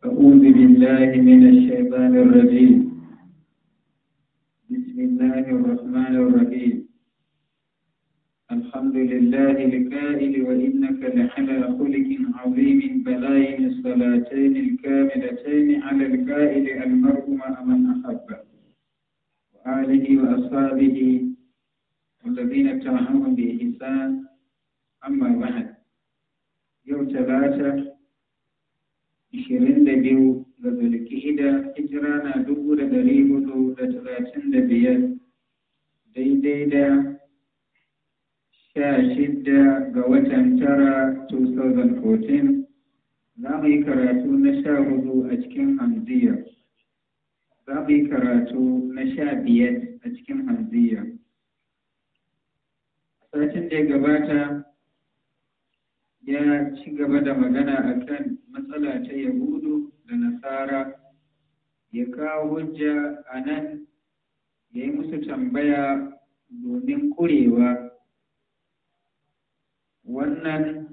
أعوذ بالله من الشيطان الرجيم بسم الله الرحمن الرحيم الحمد لله الكائن وإنك لحلى خلق عظيم بلاين الصلاتين الكاملتين على الكائن المرء من أحبه وآله وأصحابه والذين اتبعوهم بإحسان أما بعد يوم ثلاثة ishirin da biyu ga zulkihida hijira na dubu da dari hudu da talatin da biyar daidai da sha shidda ga watan tara 2014 za mu yi karatu na sha hudu a cikin hamziya za mu yi karatu na sha biyar a cikin hamziya satin da ya gabata ya ci gaba da magana a kan matsala ta yahudu da nasara ya kawo hujja a nan ya yi musu tambaya domin kurewa wannan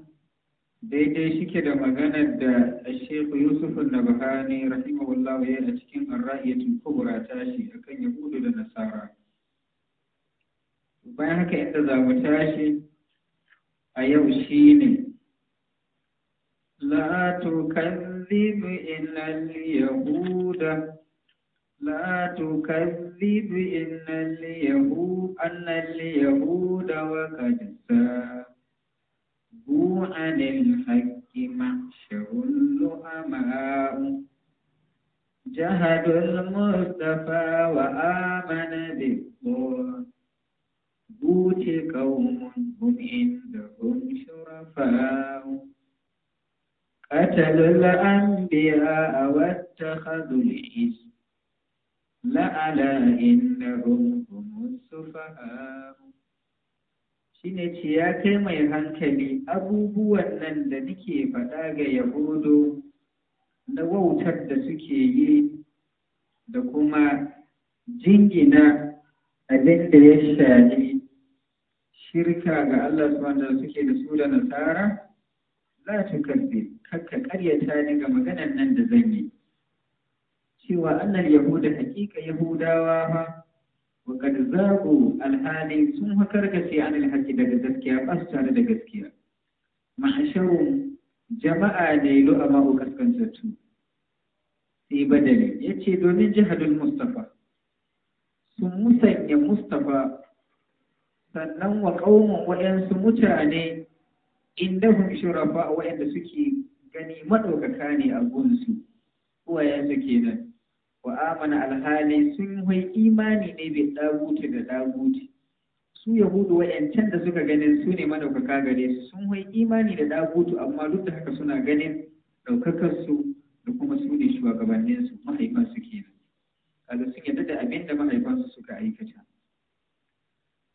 daidai shike da maganar da Sheikh Yusuf Nabhani rahimahullahu ya a cikin ar Kubra tashi akan Yahudu da Nasara bayan haka inda za mu tashi a yau shi ne. لا تكذب إلا اليهود لا تكذب إن اليهود أن اليهود وقد سابوا عن الحق محشر الأماء جهد المصطفى وآمن بوت قوم هم عندهم شرفاء قتلوا الأنبياء واتخذوا الإسم لألا إنهم هم السفهاء shine ce ya kai mai hankali abubuwan nan da nake faɗa ga yahudu na wautar da suke yi da kuma jingina abin da ya shafi shirka ga Allah wanda suke da su da nasara za la tukazzi kakka karyata ni ga maganan nan da zan yi cewa annal yahuda hakika yahudawa fa wa kad zaqu alhali sun hakar gaske an alhaqi daga gaskiya ba su tare da gaskiya ma'asharun jama'a ne lu'ama ko kaskantattu sai badali yace domin jihadul mustafa sun musanya mustafa sannan wa qaumun waɗansu mutane indahum shurafa waɗanda suke gani maɗaukaka ne a gunsu uwayensu kenan wa amana alhali sun hoi imani ne bai daguti da daguti su yahudu wa'yancan da suka ganin su ne maɗaukaka gare su sun hoi imani da dagutu amma duk da haka suna ganin ɗaukakarsu da kuma su ne shugabanninsu mahaifansu kenan kaga sun yarda da abin da mahaifansu suka aikata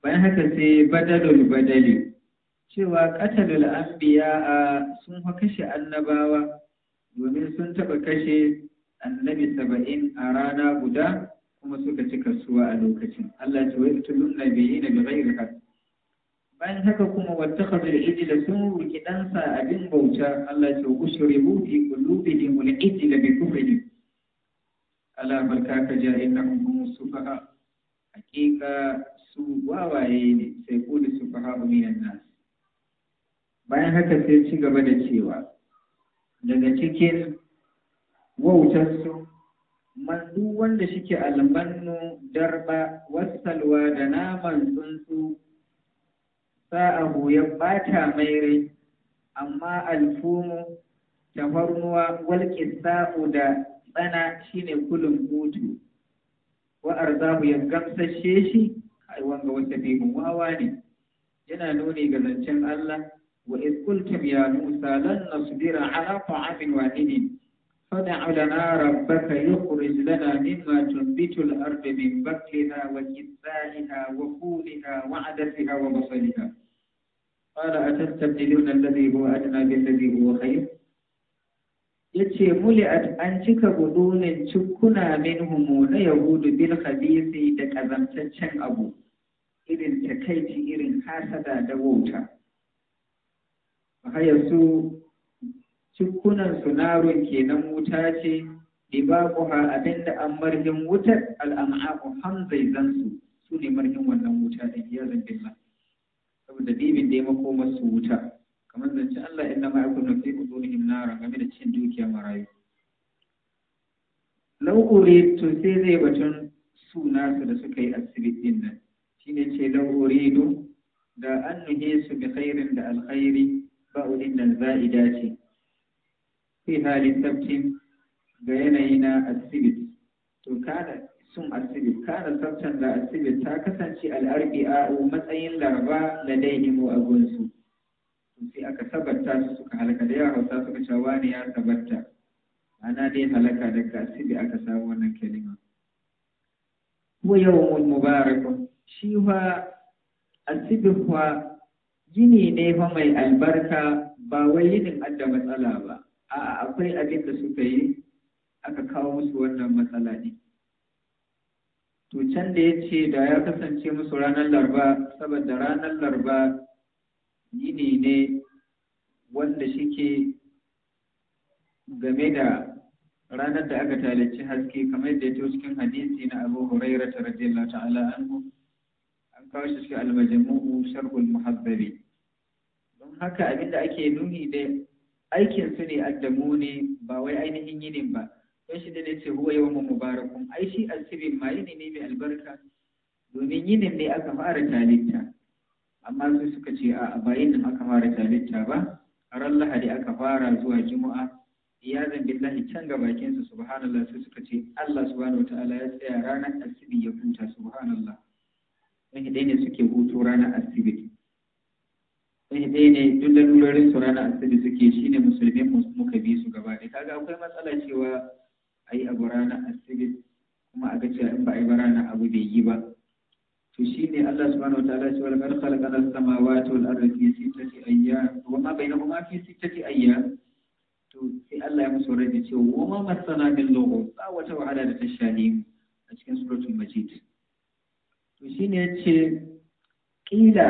bayan haka sai badalul badali cewa qatalul anbiya sun fa kashe annabawa domin sun taɓa kashe annabi saba'in a rana guda kuma suka ci kasuwa a lokacin Allah ce wai tulun nabiyina bi ghairi haqq bayan haka kuma ya iji da sun ruki ɗansa abin bauta Allah ce ushribu wani iji da bai bi ne ala barka ka ja innahum su sufaha hakika su wawaye ne sai ko da sufaha minan nasu. bayan haka sai ci gaba da cewa daga cikin wautarsu mandu wanda suke almannu darba wasalwa da naman tsuntsu Sa'a ya bata mai rai amma alfumu farnuwa walƙin sa'u da tsana shine kulun butu wa arzahu ya gamsashe shi ai wanga wata bihun wawa ne yana nuni ga zancen Allah وإذ قلتم يا موسى لن نصبر على طعام واحد فدع لنا ربك يخرج لنا مما تنبت الأرض من بكرها وكثائها وفولها وعدسها وبصلها قال أتستبدلون الذي هو أدنى بالذي هو خير يتي ملئت أنتك بدون تكنا منهم minhum بالخبيث yahudu bil khabisi أبو إذ abu irin takaici irin haya su cikkunan sunarun kenan wuta ce libaquha abinda an marhin wutar al'am'aqu hanzai zansu su ne marhin wannan wuta da iya nan, saboda dibin da ya mako masu wuta kamar zance Allah inna ma yakunu fi qudurihim nara game da cin dukiya marayu lau'ure to sai zai batun suna su da suka yi asibitin nan shine ce lau'ure do da an nuhe su bi khairin da alkhairi ba'udin nan za'ida ce fi halin sabtin ga yanayi na asibit to kada sun asibit kada sabtan da asibit ta kasance al'arbi'a'u matsayin laraba da daihimu a gunsu sai aka sabatta su suka halaka da yawa hausa suka cewa ne ya sabatta ana dai halaka daga asibi aka samu wannan kalima wa yawmul mubarakun shi fa asibi fa yini ne fa mai albarka ba wai yinin da matsala ba a'a akwai abin da suka yi aka kawo musu wannan matsala ne to can da ya ce da ya kasance musu ranar larba saboda ranar larba yini ne wanda shike game da ranar da aka talici haske kamar da ya cikin hadisi na abu hurairah ta radiyallahu ta'ala anhu an kawo shi cikin almajmu'u sharhul muhabbabi haka abinda ake nuni da aikin su ne addamu ne ba wai ainihin yinin ba don shi da ne ce huwa yawmun mubarakun ai shi asibin ma yini ne mai albarka domin yinin ne aka fara talitta amma su suka ce a ba yinin aka fara talitta ba a ran lahadi aka fara zuwa juma'a iyazan billahi can ga bakin su subhanallah sai suka ce Allah subhanahu ta'ala ya tsaya ranar asibi ya kunta subhanallah dan dai ne suke hutu ranar asibi sai dai ne duk lalurorin su ranar asabi suke shine musulmi muka bi su gaba ɗaya kaga akwai matsala cewa a yi abu ranar asabi kuma a ga cewa in ba a yi ba ranar abu bai yi ba to shi ne Allah subhanahu wa ta'ala cewa laqad khalaqana as-samawati wal arda fi sittati ayyam wa ma bainahuma fi sittati ayyam to sai Allah ya musu rabi cewa wa ma masana min lughub ba wata wahala da ta shani a cikin suratul majid to shi shine yace kila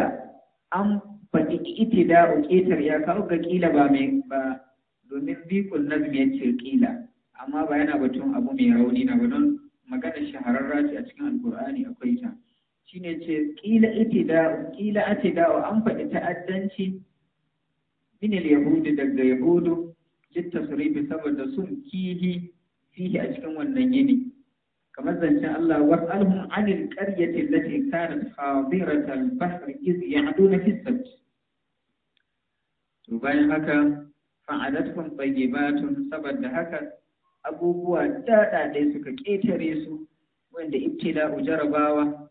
an fa iktida'u ƙetar ya kawo ga kila ba mai ba domin biqul nazm ya ce kila amma ba yana batun abu mai rauni na ba don magana shahararra ce a cikin alkur'ani akwai ta shine ce kila itida'u kila an faɗi ta'addanci min al-yahudi daga yahudu ribi saboda sun kihi fihi a cikin wannan yini kamar zancen Allah was'alhum anil qaryati allati kanat hadirat al-bahr iz ya'duna fi sabt to bayan haka fa'alatkum batun saboda haka abubuwa daɗaɗe suka ƙetare su wanda ibtila jarabawa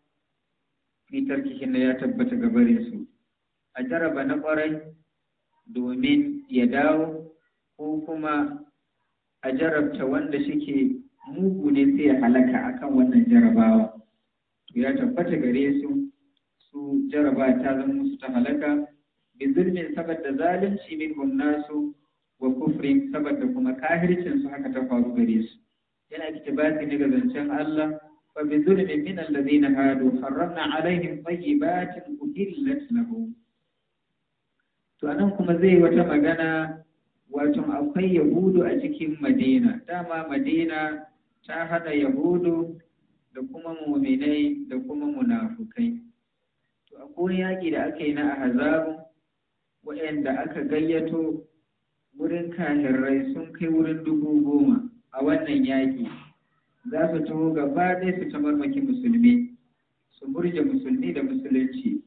fi tarkihin da ya tabbata gabare su a jaraba na ƙwarai domin ya dawo ko kuma a jarabta wanda shike mugu ne sai ya halaka akan wannan jarabawa ya tabbata gare su su jaraba ta zama musu ta halaka bi zulmin saboda zalunci min nasu wa kufrin saboda kuma kahircin su haka ta faru gare su yana ba ne ga zancen Allah fa bi min alladhina hadu harramna alaihim tayyibatin uhillat lahum to anan kuma zai wata magana wato akwai yahudu a cikin madina dama madina ta hada yahudu da kuma muminai da kuma munafukai to akwai yaƙi da aka yi na ahzabu waɗanda aka gayyato wurin kahirrai sun kai wurin dubu goma a wannan yaƙi za su taho gaba ɗaya su ta marmaki musulmi su burge musulmi da musulunci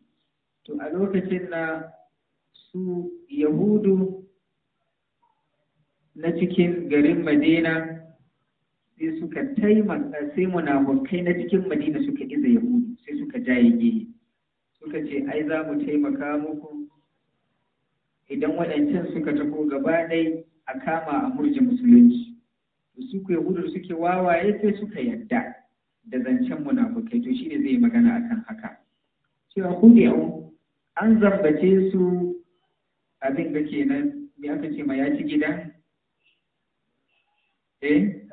to a lokacin na su yahudu na cikin garin madina sai suka taimaka sai munafukai na cikin madina suka iza yahudu sai suka jaye suka ce ai za mu taimaka muku idan waɗancan suka taho gaba ɗai a kama a murje musulunci su ku yahudu suke wawaye sai suka yadda da zancen munafukai to shi ne zai magana akan haka cewa ku an zambace su abin da kenan ya aka ce ma ya ci gida eh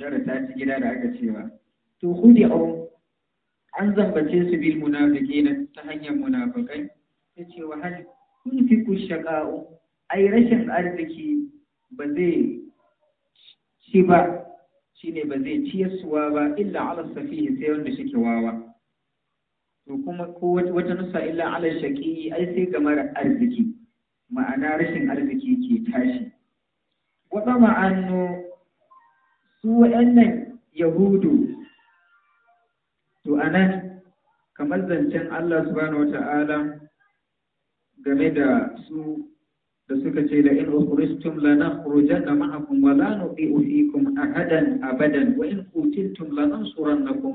dara ta ci gida da aka cewa to hudi'u an zambace su bil munafukai ta hanyar munafukai ta ce wa kun fi ku shaƙa'u ai rashin arziki ba zai ci ba shine ba zai suwa ba illa ala safi sai wanda shike wawa to kuma ko wata nusa illa ala shaqi ai sai ga mara arziki ma'ana rashin arziki ke tashi wata ma'anno su waɗannan yahudu to anan kamar zancen Allah subhanahu wata'ala game da su da suka ce da in ukhristum la nakhrujanna ma'akum wa la nuti'u fikum ahadan abadan wa in qutiltum la nansurannakum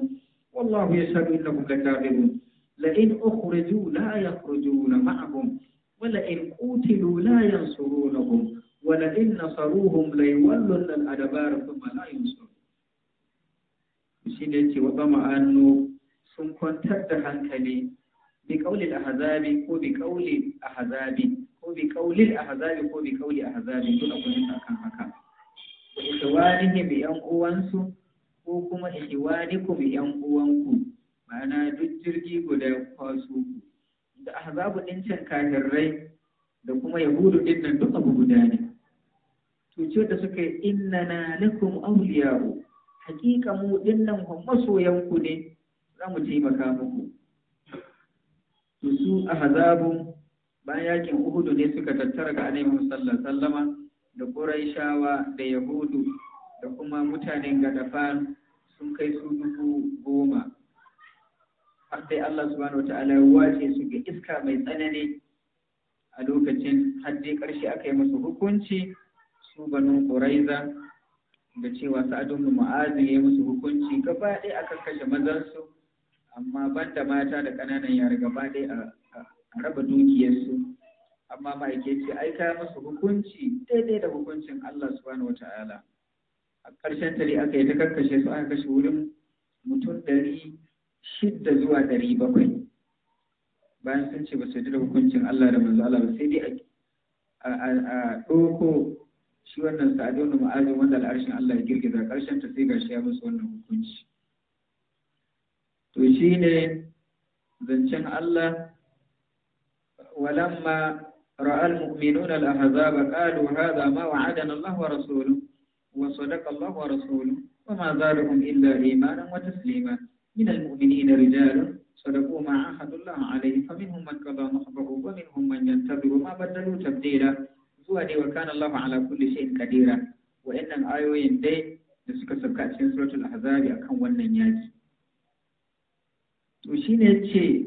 wallahu yashhadu innakum lakadibun la in ukhriju la yakhrujuna ma'akum wa la in qutilu la yansurunakum wa la in nasaruhum la yawallunna al-adbara thumma la shi ne ce wa tama'annu sun kwantar da hankali bi qawli ko bi qawli ahzabi ko bi qawli ahzabi ko bi qawli ahzabi duk haka wa ikhwanihim bi yan uwansu ko kuma ikhwanikum bi yan uwanku ma'ana duk jirgi guda kwaso ku da ahzabu din can kafirai da kuma yahudu din nan duk abu guda ne cutar da suka yi innana lakum awliya'u hakika mu dinnan masoyanku ne za mu taimaka maku. to a ahzabu bayan yakin Uhudu ne suka tattara ga Annabi sallallahu alaihi da Quraishawa da Yahudu da kuma mutanen Gadafan sun kai su dubu goma har sai Allah subhanahu wata'ala ya wace su ga iska mai tsanani a lokacin har dai ƙarshe aka yi musu hukunci su banu Quraiza da cewa sa'adun mu'azi ya yi musu hukunci gaba ɗaya akan kashe mazansu amma banda mata da ƙananan yara gaba ɗaya a raba dukiyarsu amma ma'aike ce ai kaya musu hukunci daidai da hukuncin Allah subhanahu wa ta'ala a ƙarshen tare aka yi ta kakkashe su aka kashe wurin mutum ɗari shidda zuwa ɗari bakwai bayan sun ce ba su da hukuncin Allah da manzo Allah ba sai dai a ɗoko shi wannan sa'adun ma'azin wanda al'arshin Allah ya girgiza ƙarshen ta sai shi ya musu wannan hukunci to shi ne zancen Allah walamma ra'a al-mu'minuna al-ahzab qalu hadha ma wa'adana Allah wa rasuluhu wa sadaqa Allah wa rasuluhu wa ma zaluhum illa imanan wa taslima min al-mu'minina rijalun صدقوا ما عهد الله عليه فمنهم من قضى نحبه ومنهم من ينتظر ما بدلوا تبديلا zuwa ne wa kana Allahu ala kulli shay'in kadira wa'annan ayoyin dai da suka sauka cikin suratul ahzab akan wannan yaji. to shi ne ce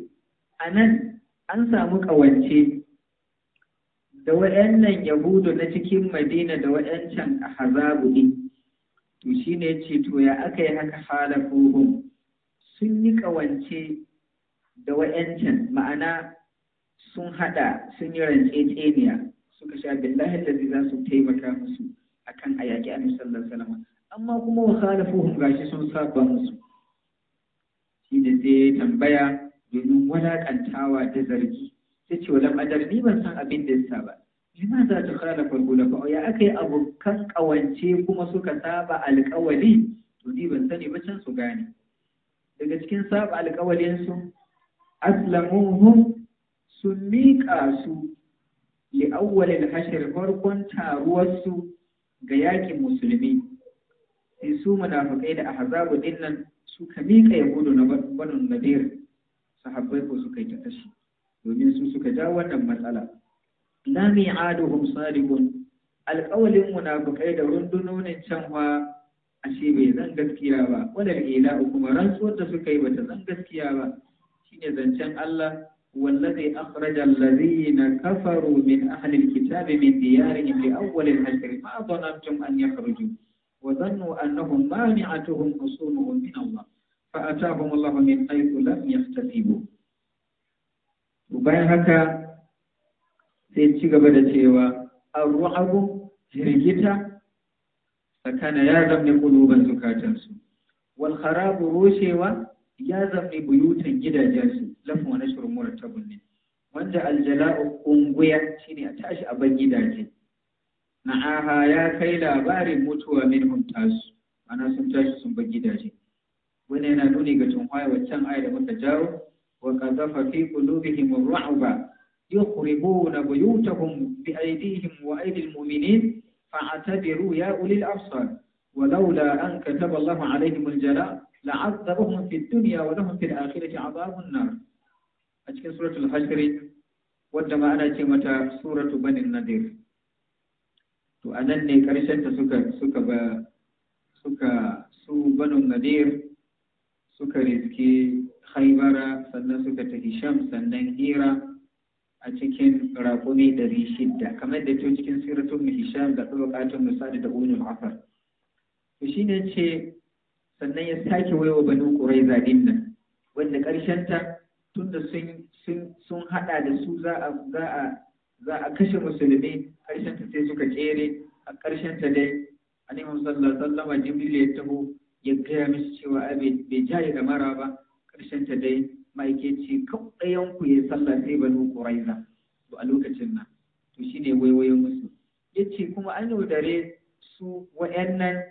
nan an samu ƙawance da waɗannan yahudu na cikin madina da waɗancan a hazabu ɗin to shi ne ce to ya aka yi haka hala sun yi ƙawance da waɗancan ma'ana sun haɗa sun yi tseniya. suka sha billahi lazi za su taimaka musu akan a yaƙi annabi sallallahu alaihi amma kuma wa khalafuhum gashi sun saba musu shi ne sai ya tambaya domin wadaƙantawa ta zargi ta ce wala madar ni ban san abin da yasa ba lima za ta kara farko da ya aka yi abokan ƙawance kuma suka saba alƙawali to ni ban sani ba can su gane daga cikin saba alƙawalinsu aslamuhum sun miƙa su li awwalil hashir farkon taruwarsu ga yaƙin musulmi sai su munafikai da ahzabu dinnan suka miƙa ya gudu na banin nadir sahabbai ko suka yi ta tashi domin su suka ja wannan matsala la mi'aduhum salihun alƙawalin munafikai da rundunonin can wa ashe bai zan gaskiya ba wadal Ina kuma rantsuwar da suka yi bata zan gaskiya ba shine zancen Allah wallazi akhraja allazina kafaru min ahli alkitabi min diyarihim li awwal alhashr ma dhanantum an وظنوا أنهم مانعتهم أصولهم من الله فأتاهم الله من حيث لم يحتسبوا وبين هكا sai ci da cewa arru'abu jirgita sakana ya zamne kuluban zukatansu wal kharabu rushewa ya zamne buyutan gidajensu lafin wani shirin murattabun wanda aljala'u unguya shine a tashi a ban gidaje na'aha ya kai labarin mutuwa minhum tasu ana sun tashi sun bar gidaje wani yana nuni ga tunhaya waccan aya da muka jawo wa qadhafa fi qulubihim ar-ru'ba yukhribuna buyutahum bi aydihim wa aydi al-mu'minin fa'tabiru ya ulil absar ولولا أن كتب الله عليهم الجلاء لعذبهم في الدنيا ولهم في الآخرة عذاب النار أشكي سورة الحجر ودما أنا جمتا سورة بني النذير to a nan ne ta suka suka ba suka su banu nadir suka riske haibara sannan suka tafi sham sannan hira a cikin raƙumi ɗari shidda kamar da ke cikin siratun mu hisham da ɗaukatun misali da ulul afar to shi ne ce sannan ya sake waiwa banu ƙurai zaɗin nan wanda ƙarshenta tun da sun haɗa da su za a za a kashe musulmi karshen ta sai suka kere a karshen ta dai a neman alaihi wasallam jibril ya taho ya gaya mishi cewa ai bai jaye da mara ba karshen ta dai ce kawai ku ya sallah sai banu ƙuraiza to a lokacin nan to shi ne waiwayo musu yace kuma an yaudare su wayannan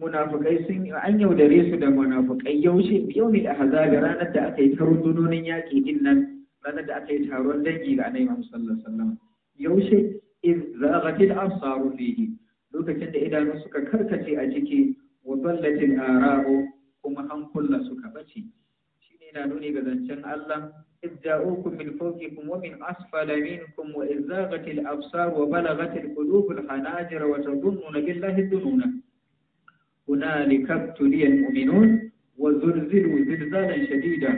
munafukai sun an yaudare su da munafukai yaushe yau ne a hazaga ranar da aka yi ta rundunonin yaƙi din nan ranar da aka yi taron dangi ga annabi Muhammad sallallahu alaihi wasallam yaushe iz zaghatil absaru fihi lokacin da idanu suka karkace a ciki wa dallatil arabu kuma hankula suka bace shine yana nuni ga zancen Allah iz ja'ukum min fawqikum wa min asfala minkum wa iz zaghatil absar wa balaghatil qulubul hanajira wa tadhunnuna billahi dhununa hunalika tuliyal mu'minun wa zurzilu zilzalan shadida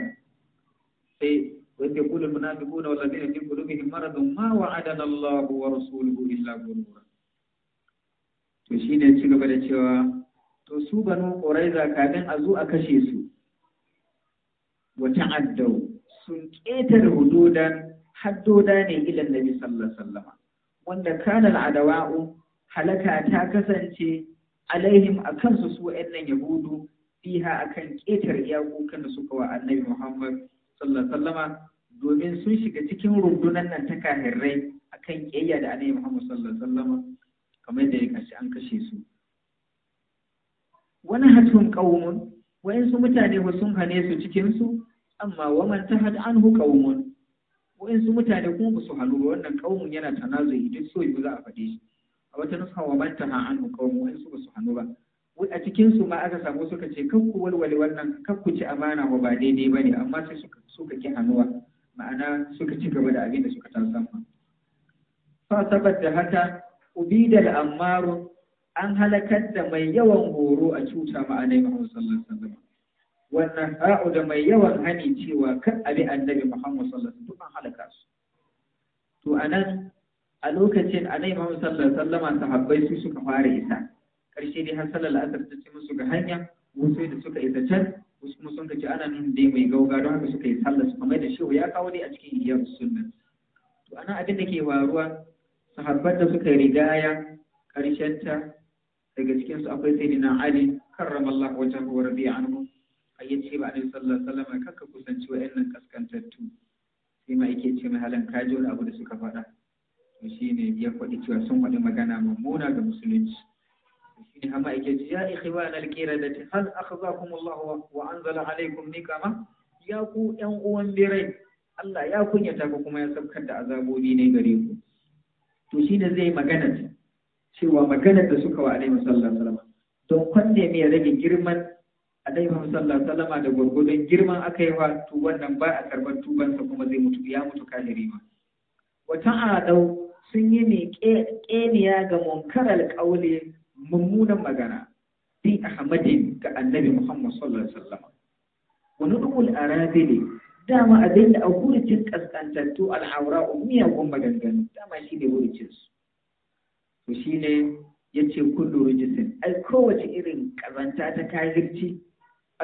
sai وإذ يقول المنافقون والذين في قلوبهم مرض ما وعدنا الله ورسوله إلا غرورا to shi ne ci gaba da cewa to su banu Quraiza kafin a zo a kashe su wata addau sun ƙetare hududan haddoda ne ilan Nabi sallallahu alaihi wanda kana al'adawa'u halaka ta kasance alaihim akan su su wa'annan yahudu fiha akan ƙetare iyakokan da suka wa Annabi Muhammad sallallahu sallama domin sun shiga cikin rundunan nan ta kahirrai akan kiyayya da annabi Muhammad sallallahu sallama kamar da ya kashi an kashe su wani hatun qaumun su mutane ba sun hane su cikin su amma waman tahad anhu qaumun su mutane kuma ba su halu ba wannan qaumun yana tanazu duk so yi za a fade shi a wata nusa man tahad anhu qaumun su ba su hanu ba a cikin su ma aka samu suka ce kan ku walwale wannan kan ku ci amana ba ba daidai bane amma sai suka suka ki hannuwa ma'ana suka ci gaba da abin da suka tasamma fa saboda haka ubida da ammaru an halakar da mai yawan horo a cuta ma annabi Muhammad sallallahu alaihi wasallam wannan ha'u da mai yawan hani cewa kan abi annabi Muhammad sallallahu alaihi wasallam an halaka su to anan a lokacin annabi Muhammad sallallahu alaihi wasallam sahabbai su suka fara isa karshe dai har sallar la'asar ta ce musu ga hanya wasu da suka isa can wasu kuma sun gaji ana nan dai mai gauga don haka suka yi sallar su kamar da shehu ya kawo dai a cikin iyar sunna to ana abin da ke waruwa sahabban da suka rigaya karshen ta daga cikin su akwai na ali karramallahu wajen wa radiya anhu ayyace ba alaihi sallallahu alaihi wasallam kanka kusanci wa wa'annan kaskantattu sai ma yake ce mai halan kaji wani abu da suka faɗa to shine ya faɗi cewa sun faɗi magana mummuna ga musulunci shine amma yake ji ya ikhwan alqiradati hal akhzakum Allah wa anzala alaykum nikama ya ku ƴan uwan birai Allah ya kunyata ku kuma ya sabkar da azabobi ne gare ku to shi shine zai magana cewa magana da suka wa alaihi sallallahu alaihi don kwanne ne ya rage girman alaihi sallallahu alaihi da gurgudun girman aka yi wa to wannan ba a karban tubansa kuma zai mutu ya mutu kafiri ma wata adau sun yi ne ƙeniya ga munkarar ƙaule mummunan magana fi ahmadin ga annabi muhammad sallallahu alaihi wasallam wa nudul arabili dama abin da a wurin kaskantattu alhaura miyagun maganganu dama shi ne wurin su to shi ne ya ce kullu rijisin ai kowace irin kazanta ta kafirci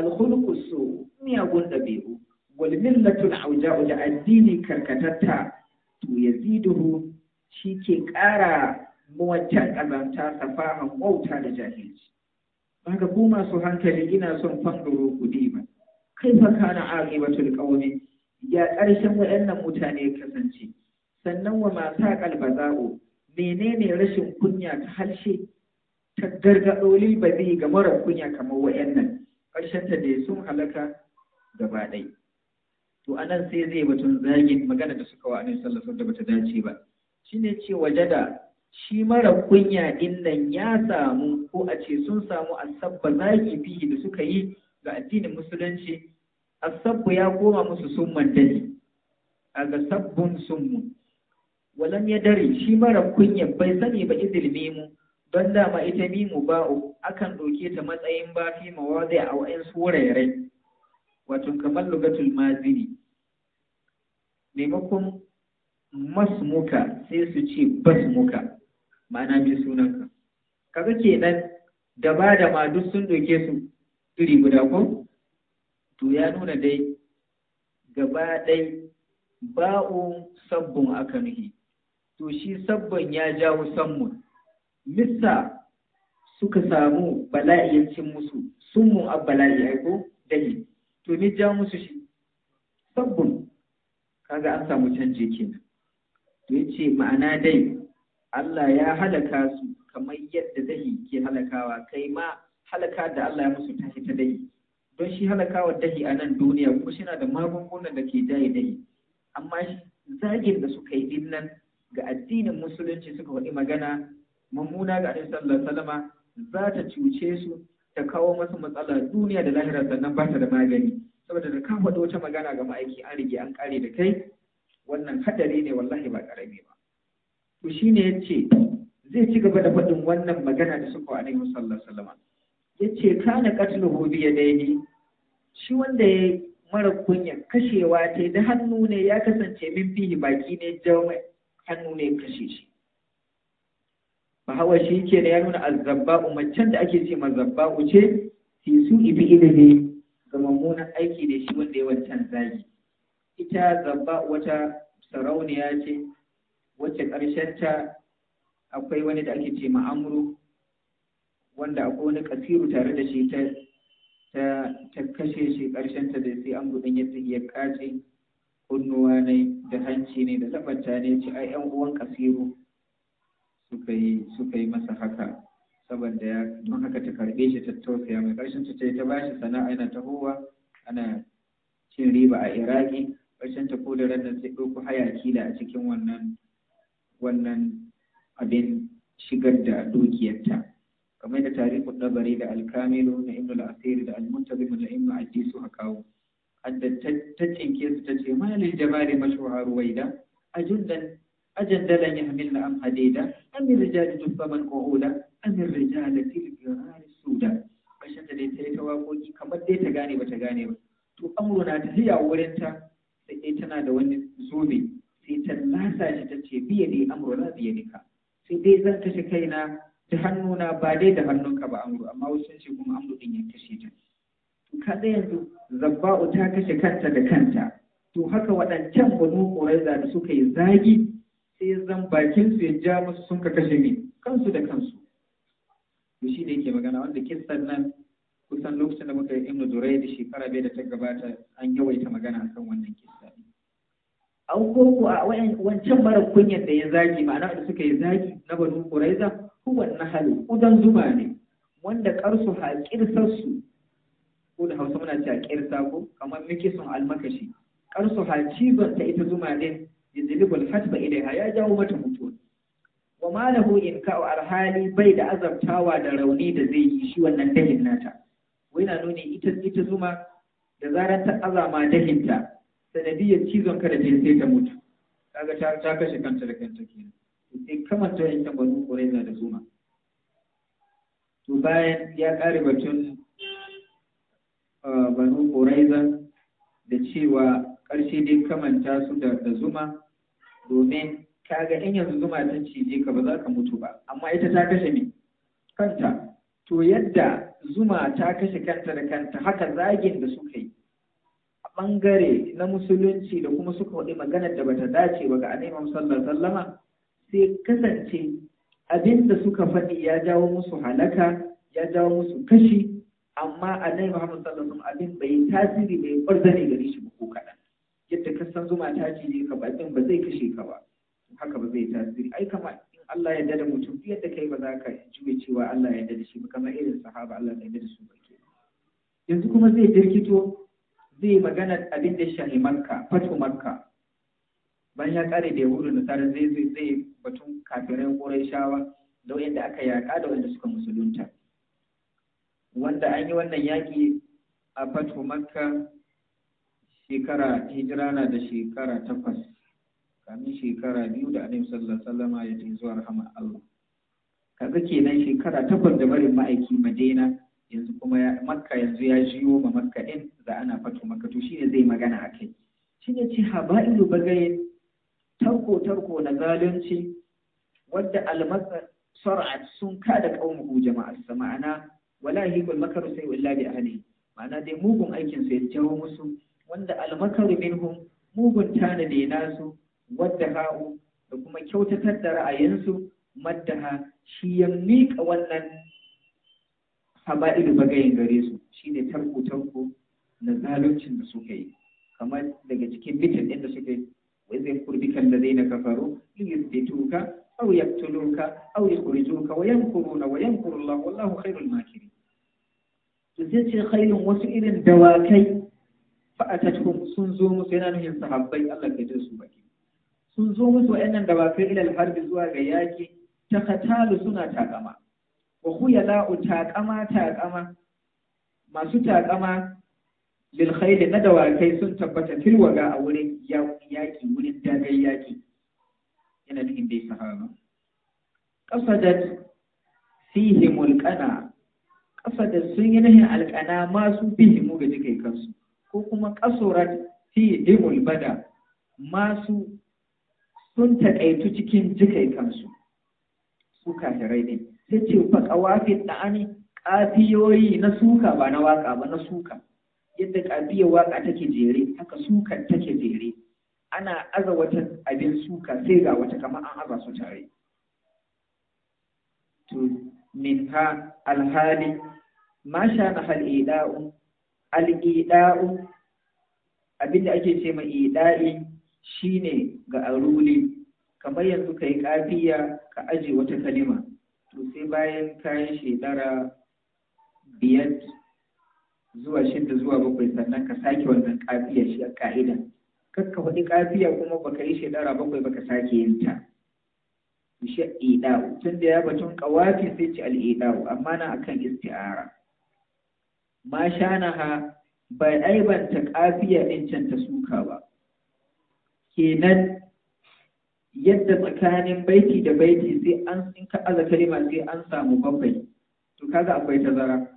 alkhuluqu su miyagun dabi'u wal millatu al da addini karkatatta to yaziduhu shi ke ƙara wancan ƙazanta safahan wauta da jahilci haka ku masu hankali ina son fangaro ku ba kai fa kana aqibatul qawmi ya ƙarshen waɗannan mutane kasance sannan wa mata kalbaza'u menene rashin kunya ta harshe ta gargaɗo lilbazi ga mara kunya kamar waɗannan ƙarshen ta dai sun halaka gaba to anan sai zai batun zagin magana da suka wa annabi sallallahu alaihi wasallam da bata dace ba shine ce wajada shi mara kunya din nan ya samu ko a ce sun samu asabba zaki fihi da suka yi ga addinin musulunci asabbu ya koma musu summan dali a ga sabbun summun walam ya dare shi mara kunya bai sani ba izilmi mu don dama ita mimu ba'u akan ɗauke ta matsayin ba fi mawazi a wa'in surairai wato kamar lugatul mazini maimakon masmuka sai su ce basmuka ma'ana mai sunanka kaga nan da ba da ma duk sun doke su iri guda ko to ya nuna dai gaba ɗai, ba'u sabbin aka nuhi to shi sabbin ya jawo sammun missa suka samu bala'iyancin musu summun a bala'i aiko dahi to ni ja musu shi sabbin kaga an samu canje kenan to ya ce ma'ana dai Allah ya halaka su kamar yadda dahi ke halakawa kai ma halaka da Allah ya musu ta ta dahi don shi halakawa dahi a nan duniya kuma shi na da magungunan da ke jaye dahi amma zagin da suka yi din nan ga addinin musulunci suka faɗi magana mummuna ga annabi sallallahu alaihi za ta cuce su ta kawo masa matsala duniya da lahira sannan ba ta da magani saboda da ka faɗi wata magana ga ma'aiki an rige an kare da kai wannan hadari ne wallahi ba karami ba to ya ce zai ci gaba da faɗin wannan magana da suka wa alaihi sallallahu alaihi wasallam yace kana qatluhu ya daidai shi wanda ya mara kunya kashewa ta da hannu ne ya kasance min fihi baki ne jawma hannu ne kashe shi hawa shi ke ya nuna azabba'u macen da ake ce mazabba'u ce fi su ibi ne ga mummunan aiki da shi wanda ya wancan zagi ita zabba wata sarauniya ce wacce ƙarshenta akwai wani da ake ce ma'amuru wanda akwai wani kasiru tare da shi ta kashe shi ƙarshenta da sai an gudun ya ya ƙace kunnuwa ne da hanci ne da tabbata ne ci a ƴan uwan kasiru suka yi suka yi masa haka saboda ya don haka ta karbe shi ta tausaya mai ƙarshen ta ta bashi sana'a yana tahowa ana cin riba a iraki ƙarshen ta ko da ran sai ɗauko hayaki da a cikin wannan wannan abin shigar da dukiyarta kamar da tarihin Bari da alkamilu na ibn al-asir da al-muntabim da ibn ajisu a kawo hadda ta cinke su ta ce ma lil jabari mashhuha ruwaida ajundan ajandalan yahmilna am hadida am rijali tubban qu'uda am rijali fil qirar suda bashin da dai ta waƙoƙi kamar dai ta gane ba ta gane ba to amuruna ta hiya wurinta da sai tana da wani zobe sai ta nasa shi ta ce biya ne amurna biya ne ka sai dai zan kashe kaina ta hannuna ba dai da hannunka ba amuru amma wasu ce kuma amuru din ya kashe ta kaɗa yanzu zabba'u ta kashe kanta da kanta to haka waɗancan banu za da suka yi zagi sai zan bakin ya ja musu sun ka kashe ne kansu da kansu to shi da yake magana wanda kisan nan kusan lokacin da muka yi ibnu durai da shekara bai da ta gabata an yawaita magana akan wannan kissa an koko a wancan mara kunyar da ya zagi ma'ana da suka yi zagi na banu kuraiza na hali udan zuma ne wanda karsu haƙirsarsu ko da hausa muna cewa ƙirsa ko kamar muke son almakashi karsu haƙibar ta ita zuma ne ya zilibul hatba ilaiha ya jawo mata mutu wa malahu in ka'u arhali bai da azabtawa da rauni da zai yi shi wannan dahin nata wai na nuni ita ita zuma da zarar ta azama dahinta sanadiyar cizon kada da ke sai ta mutu kaga ta ta kashe kanta da kanta kenan sai kamanta yankin kore qurayza da zuma, to bayan ya kare batun banu qurayza da cewa ƙarshe dai kamanta su da zuma domin kaga in yanzu zuma ta cije ka ba za ka mutu ba amma ita ta kashe ne kanta to yadda zuma ta kashe kanta da kanta haka zagin da suka yi ɓangare na musulunci da kuma suka faɗi maganar da bata dace ba ga annabi sallallahu alaihi sai kasance abin da suka faɗi ya jawo musu halaka ya jawo musu kashi amma annabi Muhammad sallallahu alaihi abin bai tasiri bai farzane gare shi ba ko kaɗan yadda ka san zuma ta ji ka ba din ba zai kashe ka ba haka ba zai tasiri ai kama in Allah ya dada mutum yadda kai ba za ka juye cewa Allah ya dada shi ba kamar irin sahaba Allah ya dada su ba ke yanzu kuma zai jirkito zai magana abin da shahi makka fatu makka Ban ya kare da yahudu da tare zai zai zai batun kafirai shawa da wanda aka yaka da wanda suka musulunta wanda an yi wannan yaki a fatu makka shekara hijira na da shekara takwas kamin shekara biyu da annabi sallallahu alaihi wasallama ya tafi zuwa rahama Allah kaga kenan shekara takwas da barin ma'aiki Madina yanzu kuma makka yanzu ya jiyo ma makka din za ana fato makka to shine zai magana a kai shine ce haba'ilu bagaye tarko tarko na zalunci wadda almasa sar'at sun kada qaumuhu jama'a ma'ana wala kul makaru sai illa bi ahli ma'ana dai mugun aikin sai jawo musu wanda almakaru minhum mugun tanade nasu wadda ha'u da kuma kyautatar da ra'ayinsu maddaha shi ya miƙa wannan haba'ilu bagayen gare su shine tarko tarko na zaluncin da suka yi kamar daga cikin mitin ɗin da suka yi Wai zai kurbi kan da zai na kafaro in yuzbituka au ya aw tuka, wa 'yan na wa yankuru Allah wallahu khairul makiri to zai ce khairun wasu irin dawakai fa'atatkum sun zo musu yana nuhin sahabbai Allah ya jinsu su baki sun zo musu wayannan dawakai ilal harbi zuwa ga yaki takatalu suna takama wa za'u taqama taqama masu na dawakai sun tabbata fil a wurin yaki wurin dagar yaki yana nufin sun yi masu ko kuma qasurat fihim albada masu sun taƙaitu cikin jikai kansu su kafirai sai ce fa da da'ani kafiyoyi na suka ba na waka ba na suka yadda kafiyar waka take jere haka suka take jere ana aza wata abin suka sai ga wata kama an aza su tare to min ha alhali ma sha na hal'ida'u al'ida'u abinda ake ce mai ida'i shine ga aruli kamar yanzu kai kafiya ka aje wata kalima to sai bayan ta yi shekara biyar zuwa shida zuwa bakwai sannan ka sake wannan kafiyar shi a ka'ida kakka wani kafiya kuma baka yi shekara bakwai baka sake yin ta shi idawu tun da ya batun kawafi sai ci al'idawu amma na akan isti'ara ma shanaha bai aibanta kafiya ɗin can ta suka ba kenan yadda tsakanin baiti da baiti sai an in ka aza kalima sai an samu bambai to kaga akwai tazara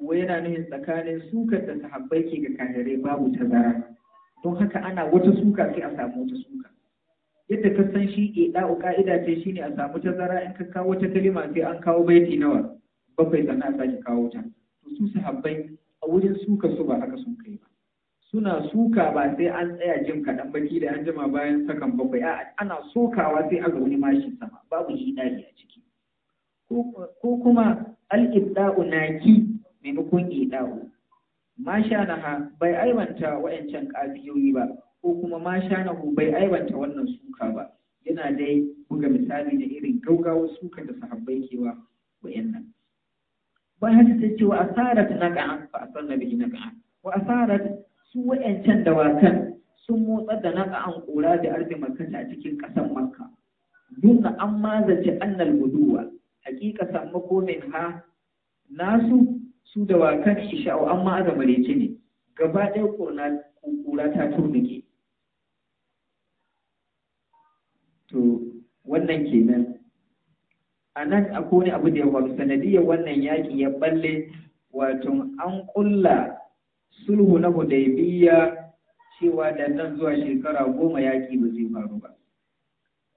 wai yana nuhin tsakanin sukar da sahabbai ke ga kahirai babu tazara don haka ana wata suka sai a samu wata suka yadda ka san shi ɗa'u ka'ida ce shine a samu tazara in ka kawo wata kalima sai an kawo baiti nawa bakwai sannan a sake kawo ta to su sahabbai a wurin suka su ba haka sun kai ba suna suka ba sai an tsaya jin kaɗan baki da an jima bayan sakan bakwai ana sokawa sai an zaune mashi sama babu shi ɗari a ciki ko kuma al'ibda'u na ki maimakon ida'u masha na ha bai aibanta wa'ancan kafiyoyi ba ko kuma masha na nahu bai aibanta wannan suka ba yana dai buga misali da irin gaugawar suka da sahabbai kewa wayannan bayan ta ce wa asarat naqa'an fa asanna bihi naqa'an wa asarat su wa'yancan dawakan sun motsa da naka an kura da arzi a cikin ƙasar makka dunna an mazace annal guduwa hakika samu min ha nasu su dawakan isha'u an ma'aza marece ne gaba ɗaya kura ta turmuke to wannan kenan a nan akwai wani abu da ya faru sanadiyar wannan yaƙi ya ɓalle wato an ƙulla sulhu na hudaybiya cewa da nan zuwa shekara goma yaƙi ba zai faru ba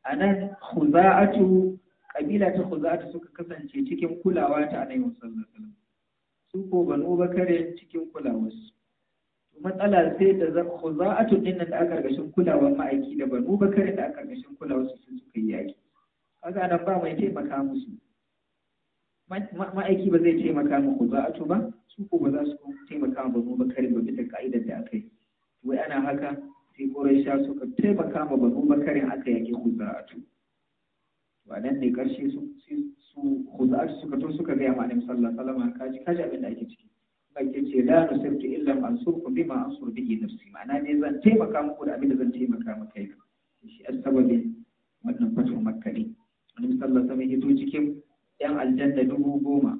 a nan khuza'atu kabila ta khuza'atu suka kasance cikin kulawa ta annabi sallallahu alaihi su ko banu bakare cikin kulawar su matsala sai da za khuza'atu din nan da aka shin kulawar ma'aiki da banu bakare da aka shin kulawar su sun yi yaƙi kaga nan ba mai taimaka musu ma'aiki ba zai taimaka ma khuza'atu ba su ko ba za su taimaka ma banu ba ba bisa ka'idar da aka yi wai ana haka sai korai sha suka taimaka ma ba bakari aka yake to ba nan ne karshe su su khuza'atu suka to suka ga ma'anin sallah salama kaji kaji abin da ake ciki ake ce la sirtu illa mansurku bima ansur bihi nafsi ma'ana ne zan taimaka muku da abin da zan taimaka maka yi shi as wannan fatu makka ne annabi sallallahu alaihi wasallam ya to cikin 'yan aljanna dubu goma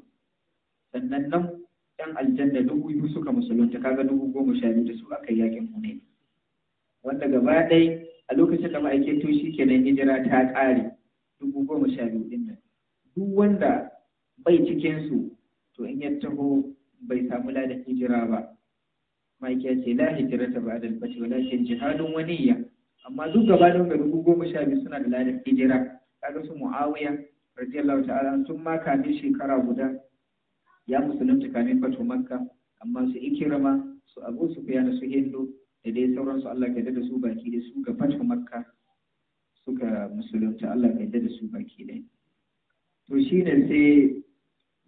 sannan nan 'yan aljanna dubu biyu suka musulunta kaga dubu goma sha biyu da su aka yakin hune wanda gaba ɗaya a lokacin da ma'aikatu shi shi kenan hijira ta ƙare dubu goma sha biyu ɗin nan duk wanda bai cikinsu to in ya taho bai samu ladan hijira ba ma'aikiya ce la hijira ta ba'da al-fath walakin jihadun waniyya amma duk gaba da dubu goma sha biyu suna da ladan hijira kaga su mu'awiya radiyallahu ta'ala tun ma kamin shekara guda ya musulunta kamin fatu makka amma su ikirama su abu su fiya su hindu da dai sauransu Allah ka da su baki da su ga fatu makka suka musulunta Allah ka da su baki dai to shine sai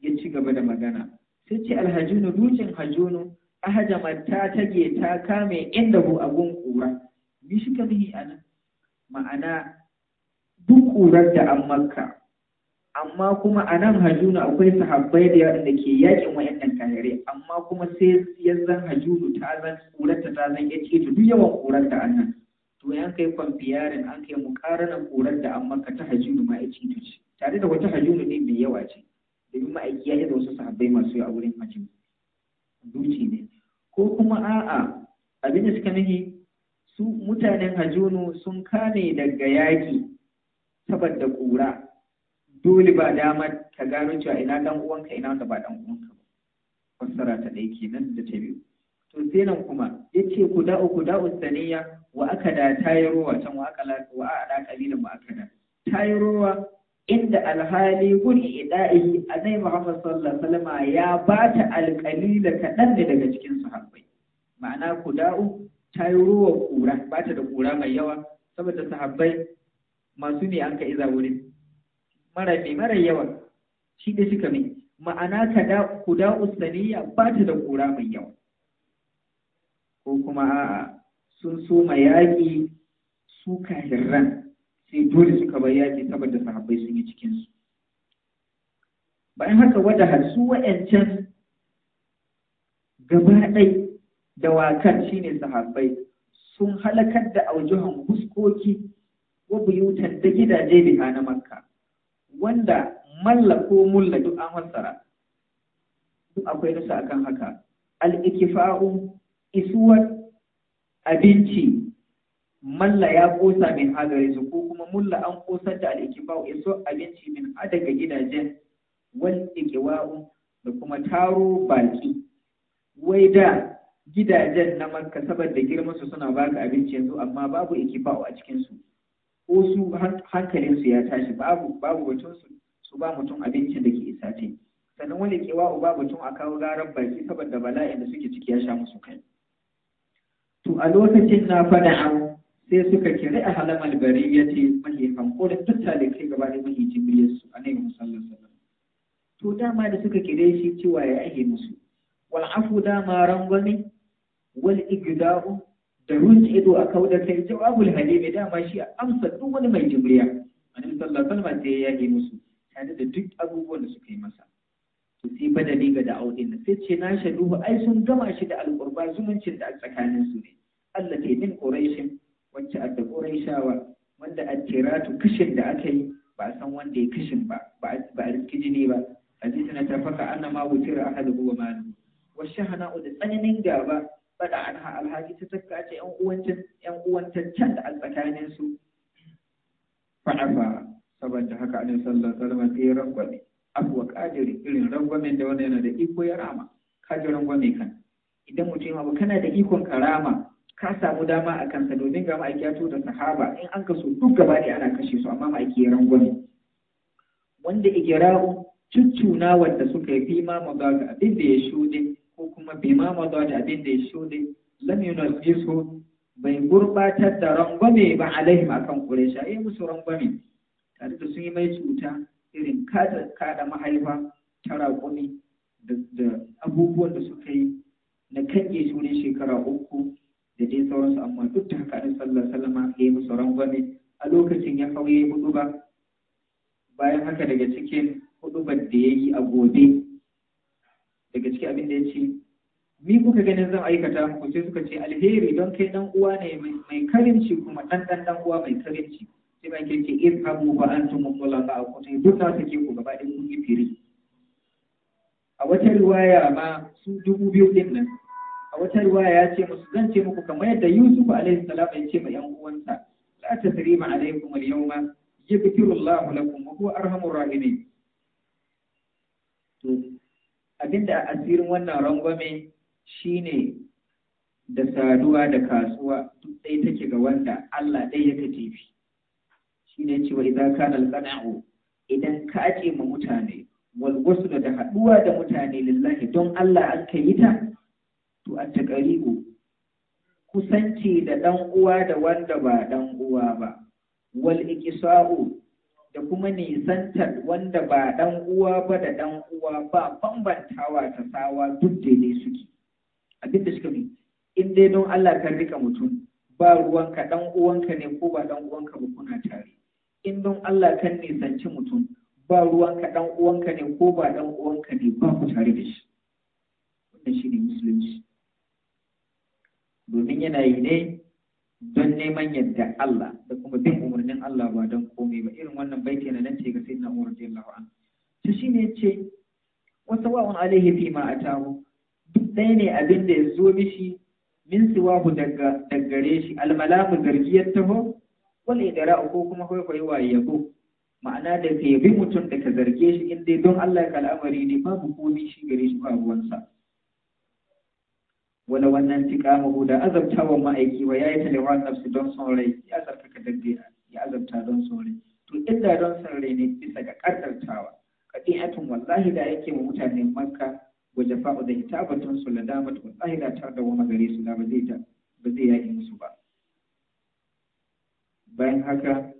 ya ci gaba da magana sai ce alhajunu dukin hajunu ahajaman ta tage ta kame inda bu abun kura bi shi ka bihi ana ma'ana duk kurar da an makka amma kuma a nan hajjuna akwai sahabbai da yawa da ke yakin wayannan kayare amma kuma sai yanzan hajjunu ta zan kuranta ta zan yace ta duk yawan kuranta nan. to yan kai kwamfiyarin an kai mukaranan korar da amma ka ta hajjunu ma yace ta ce tare da wata hajjunu ne mai yawa ce domin ma'aiki ya da wasu sahabbai masu yawa wurin hajjunu duci ne ko kuma a'a abin da suka nahi su mutanen hajjunu sun kane daga yaki saboda kura dole ba dama ta gano cewa ina dan uwanka ina wanda ba dan uwanka ba fassara ta ɗaya kenan da ta biyu to sai nan kuma yace ku da'u ku da'u saniya wa aka da tayarowa can wa aka wa a kabilin ba aka da tayarowa inda alhali guri ida'i annabi Muhammad sallallahu alaihi wasallam ya bata alqalila kadan ne daga cikin sahabbai ma'ana ku da'u tayarowa kura bata da kura mai yawa saboda sahabbai masu ne an ka iza wurin mara mai mara yawa shi da suka mai ma'ana ta da kuda usaniya ba ta da kura mai yawa ko kuma a'a sun soma yaƙi su kahirran sai dole suka bar yaƙi saboda sahabbai sun yi cikinsu bayan haka wada har su wa'yancan gaba ɗai dawakan shine sahabai sun halakar da aujuhan huskoki wa buyutan da gidaje da na makka wanda malla ko mulla duk an fassara duk akwai nasa akan haka al-ikifa'u isuwar abinci malla ya kosa min hagari su ko kuma mulla an kosar da al-ikifa'u isuwar abinci min adaga gidajen wal ikiwa'u da kuma taro baki wai da gidajen na makka saboda girman su suna baka abinci yanzu amma babu ikifa'u a cikin su ko su hankalin su ya tashi babu babu batun su ba mutum abincin da ke isa ce sannan wani kewa uba mutum a kawo garan baki saboda bala'in da suke ciki ya sha musu kai to a lokacin na fada an sai suka kiri a bari ya ce da tutta da kai gaba da mahi jibriyar su a nemi musallar sallar to dama da suka kire shi cewa ya ahe musu wal afu dama rangwani wal igda'u da ruwan ido a kawo da kai jawabul halimi dama shi a amsa duk wani mai jimriya annabi sallallahu alaihi wasallam sai ya yi musu tare da duk abubuwan da suka yi masa to sai badali da da'audin sai ce na shaduhu ai sun gama shi da alqurba zumuncin da a tsakanin su ne Allah ke min quraishin wacce da quraishawa wanda tu kishin da aka yi ba a san wanda ya kishin ba ba a riski jini ba faka na tafaka annama a ahaduhu wa maluhu Wasu shahana'u da tsananin gaba bada anha alhaji ta tafka ce yan uwancin yan uwantancan da altsakanin su fa'afa saboda haka annabi sallallahu alaihi wasallam sai rangwame abuwa kadiri irin rangwamen da wannan yana da iko ya rama kaji rangwame kan idan mutum ya kana da ikon karama ka samu dama a kansa domin ga ma'aikiyatu da sahaba in an kaso duk gaba ɗaya ana kashe su amma ma'aiki ya rangwame wanda igira'u cuccuna wanda suka yi fima mu ga abin da ya shuɗe ko kuma bai ma mada da abin da ya shuɗe lam su bai gurbatar da rangwame ba alaihim akan quraisha eh musu rangwame tare da sun yi mai cuta irin kada kada mahaifa ta raƙumi da abubuwan da suka yi na su ne shekara uku da dai sauransu amma duk da haka ne sallallahu alaihi wasallam ya yi musu rangwame a lokacin ya ya yi hudu ba bayan haka daga cikin hudu da ya yi a gobe daga ciki abin da ya ce ni kuka ganin zan aikata muku sai suka ce alheri don kai dan uwa ne mai karimci kuma dan dan dan uwa mai karimci sai ba kike in in mu ba an tumu mulaka ku ne ta take ku gaba ɗin kun yi firi a wata riwaya ma su dubu biyu ɗin nan a wata riwaya ya ce musu zan ce muku kamar yadda Yusuf alaihi salam ya ce ma yan uwansa la tasrima alaikum al-yawma yaghfirullahu lakum wa huwa arhamur rahimin hmm. abinda a asirin wannan rangwame shine da saduwa da kasuwa duk ɗaya take ga wanda Allah ɗaya ya tafi shine cewa idza kana al-qana'u idan ka ake ma mutane wal da haduwa da mutane lillahi don Allah an kai ta to at taqribu kusanci da dan uwa da wanda ba dan uwa ba wal iqsa'u da kuma nisantar wanda ba ɗan uwa ba da ɗan uwa ba bambantawa ta sawa duk daidai suke abin da suka bi in dai don Allah ka rika mutum ba ruwanka ɗan uwanka ne ko ba ɗan uwanka ba kuna tare in don Allah kan nisanci mutum ba ruwanka ɗan uwanka ne ko ba ɗan uwanka ne ba ku tare da shi wannan shi ne musulunci domin yana yi ne don neman yadda Allah da kuma bin umarnin Allah ba don komai ba irin wannan baiti na nan ce ga sayyidina Umar radiyallahu anhu to ce, yace wa sawa'un alaihi fi ma atahu duk ɗaya ne abin da ya zo mishi min siwahu daga daggare shi almalaku zargiyar taho wal idra'u ko kuma kwaikwayi yabo ma'ana da ka yabi mutum da ka zarge shi in dai don Allah ka al'amari ne babu komai shi gare shi ba ruwansa wani wannan mahu da azabtawa ma'aiki wa ya yi talewa nafsi don son rai ya ka dangane ya azabta don son rai to inda don son rai ne bisa ga ƙaddartawa qati'atun wallahi da yake wa mutane makka waje jafa'u da hitabatun su ladamat wallahi da tar da wani gare su da ba zai musu ba bayan haka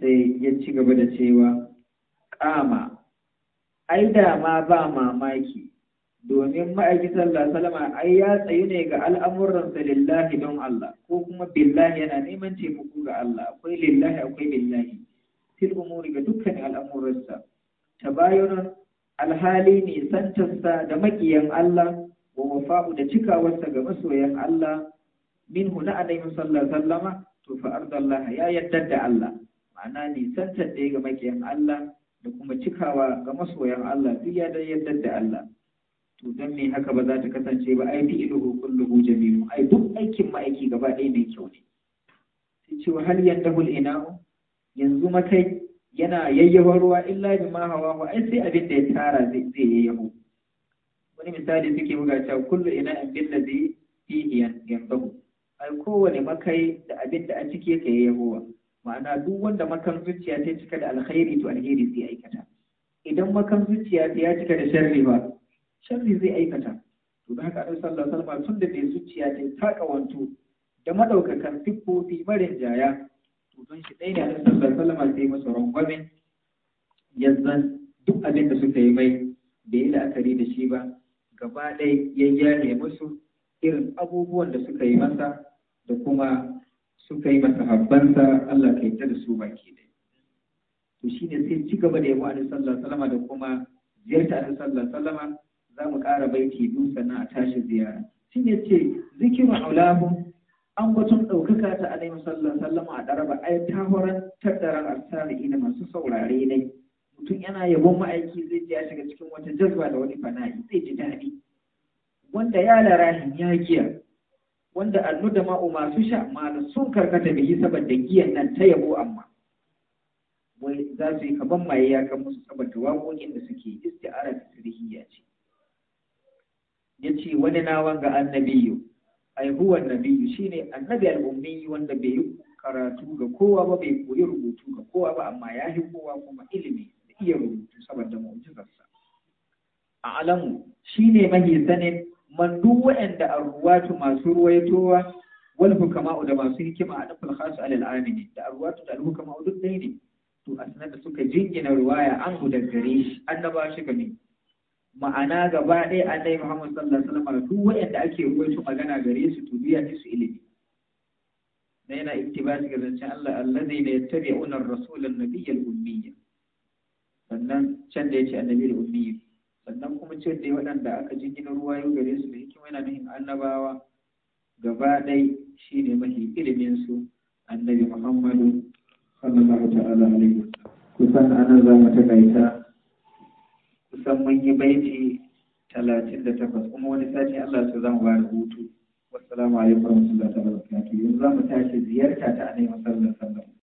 sai ya ci gaba da cewa kama ai da ma ba mamaki domin ma'aikatan sallallahu alaihi ai ya tsayu ne ga al'amuransa lillahi don Allah ko kuma billahi yana neman taimako ga Allah akwai lillahi akwai billahi fil umuri ga dukkan al'amuransa tabayyunan alhali ne santarsa da makiyan Allah wa wafa'u da cikawarsa ga masoyan Allah minhu na alaihi sallallahu sallama to fa ardallah ya yadda da Allah ma'ana ne santar da ga makiyan Allah da kuma cikawa ga masoyan Allah duk ya da yadda da Allah to dan me haka ba za ta kasance ba ai fi'luhu kulluhu jamilu ai duk aikin ma'aiki gaba ɗaya mai kyau ne sai ce wa hal yandahu al-ina'u yanzu makai yana yayyawa ruwa illa bi ma hawa, wa ai sai abin da ya tara zai zai yayyahu wani misali suke buga cewa kullu ina'in bil ladhi fihi yandahu ai kowane makai da abin da a cike ka yayyahowa ma'ana duk wanda makan zuciya ta cika da alkhairi to alheri sai aikata idan makan zuciya ta ya cika da sharri ba sharri zai aikata to da haka annabi sallallahu alaihi wasallam tun da bai zuciya ce ta kawanto da madaukakan fiffofi marin jaya to don shi ɗaya ne annabi sallallahu alaihi wasallam sai masa rangwame yanzan duk abin da suka yi mai bai yi la'akari da shi ba gaba ɗaya ya yayyare musu irin abubuwan da suka yi masa da kuma suka yi masa habbansa Allah ka yarda da su baki ɗaya to shine sai ci gaba da yabo annabi sallallahu alaihi wasallam da kuma ziyarta annabi sallallahu alaihi wasallam za mu ƙara baiti biyu sannan a tashi ziyara shi ne ce zikiru ulahum an batun ɗaukaka ta alai musallar sallama a ɗaraba ai ta horar tattara asari na masu saurare ne mutum yana yabon ma'aiki zai ji ya shiga cikin wata jazba da wani fana'i zai ji daɗi wanda ya larahin ya giya wanda annu da ma'u masu sha malu sun karkata bihi saboda giyan nan ta yabo amma wai za su yi kaban maye ya kan musu saboda waƙoƙin da suke isti'ara ta su ce ya ce wani nawan ga annabiyu ai huwa nabiyu shine annabi al'ummi wanda bai yi karatu ga kowa ba bai koyi rubutu ga kowa ba amma ya yi kowa kuma ilimi da iya rubutu saboda mu'jizarsa a alamu shine mahi sanin man duk waɗanda arwatu masu ruwaitowa wal hukama'u da masu hikima a dafal khasu alal amini da arwatu da alhukama'u duk dai ne to asnada suka jingina ruwaya an gare shi annaba shi ga ne ma'ana gaba ɗaya annabi Muhammad sallallahu alaihi wasallam duk wanda ake ruwaito magana gare su to biya su ilimi da yana ittibasi ga zancen Allah allazi ne ya rasul an rasulun al ummiya sannan can da yace annabi da ummiya sannan kuma ce da waɗanda aka jingina ruwa yau gare su da hikima yana nuhin annabawa gaba ɗaya shine mafi ilimin su annabi muhammadu sallallahu ta'ala alaihi kusan anan za mu taƙaita kusan mun yi baiti talatin da takwas kuma wani sati Allah su zama ba da hutu wassalamu alaikum warahmatullahi wabarakatuh yanzu za mu tashi ziyarta ta annabi sallallahu alaihi wasallam